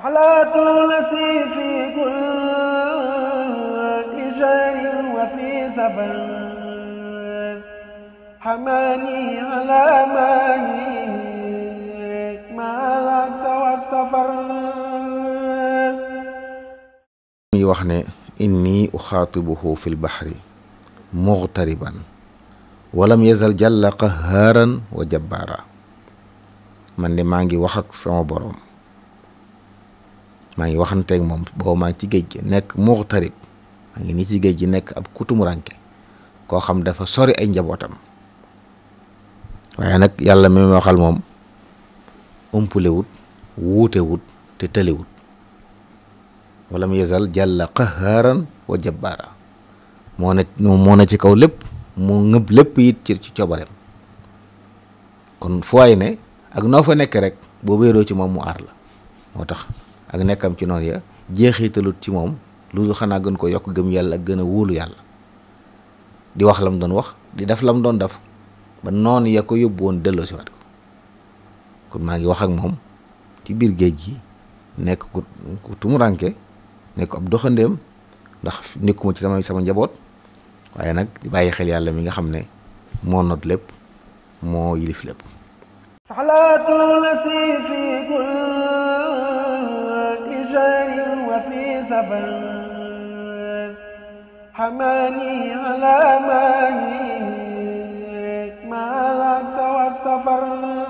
حلاة لسي في كل شهر وفي سفر حماني على ماني مع العبس والسفر وحنا إني أخاطبه في البحر مغتربا ولم يزل جل قهارا وجبارا من لمانجي وحق سما wax maa ngi waxanteeg moom boobu maa ngi ci géej gi nekk muxtarit maa ngi nii ci géej gi nekk ab kutumuranke koo xam dafa sori ay njabootam waaye nag yàlla mi ma waxal moom umpulewut wuutewut te tëlewut wala mu yesal jàlla qaharan wa jabbaara moo ne moo ne ci kaw lépp mu ngëb lépp it ci ci coobareem kon foo ay ne ak noo fa nekk rek boo wéeroo ci moom mu aar la moo tax ak nekkam ci noonu ya jeexitalut ci moom lu xanaa gën ko yokk gëm yàlla ak gën a wóolu yàlla di wax lam doon wax di def lam doon def ba noonu ya ko yóbbu woon delloo si waat ko kon maa ngi wax ak moom ci biir géej gi nekk ku ku tumuraanke nekk ab doxandeem ndax nekkuma ci sama sama njaboot waaye nag di bàyyi xel yàlla mi nga xam ne moo not lépp moo yilif lépp. وفي سفر حماني على ماهي ما لبس واستفر